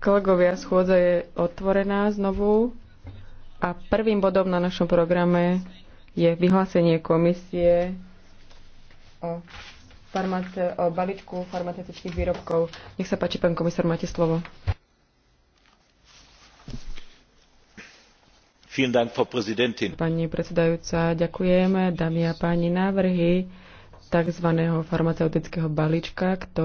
Kolegovia, schôdza je otvorená znovu a prvým bodom na našom programe je vyhlásenie komisie o, farmace, o balíčku farmaceutických výrobkov. Nech sa páči, pán komisár, máte slovo. Pani predsedajúca, ďakujeme. Dámy a páni, návrhy tzv. farmaceutického balíčka, ktorý